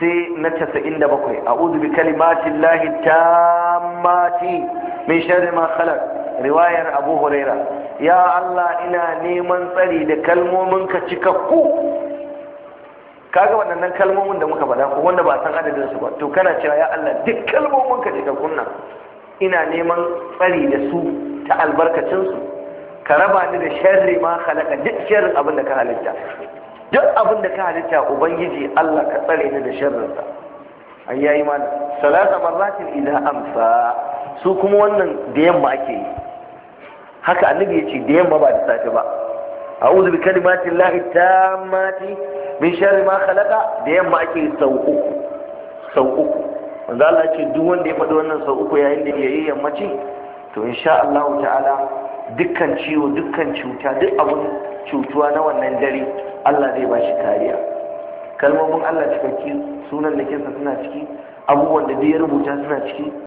sai na casa'in da bakwai a uzubi kalimatin lahi ta mati min sharri ma khalaq riwayar abu huraira ya allah ina neman tsari da kalmomin ka cikakku kaga waɗannan kalmomin da muka faɗa ko wanda ba san adadin su ba to kana cewa ya allah duk kalmomin ka cikakkun nan ina neman tsari da su ta albarkacin su ka raba ni da sharri ma khalaqa duk sharrin abin da ka halitta duk abin da ka halitta ubangiji Allah ka tsare ni da sharrinsa an yayi mana salasa marratin idan amsa su kuma wannan da yamma ake yi haka annabi ya ce da yamma ba da safe ba a'udhu bi kalimatin lahi tammati min sharri ma khalaqa da yamma ake sau uku sau uku wanda Allah ce duk wanda ya faɗi wannan sau uku yayin da yayi yammaci to insha Allah ta'ala dukkan ciwo dukkan cuta duk abun cutuwa na wannan dare Allah zai ba shi kariya kalmomin Allah cikakki sunan da kinsa suna ciki abubuwan da ya rubuta suna ciki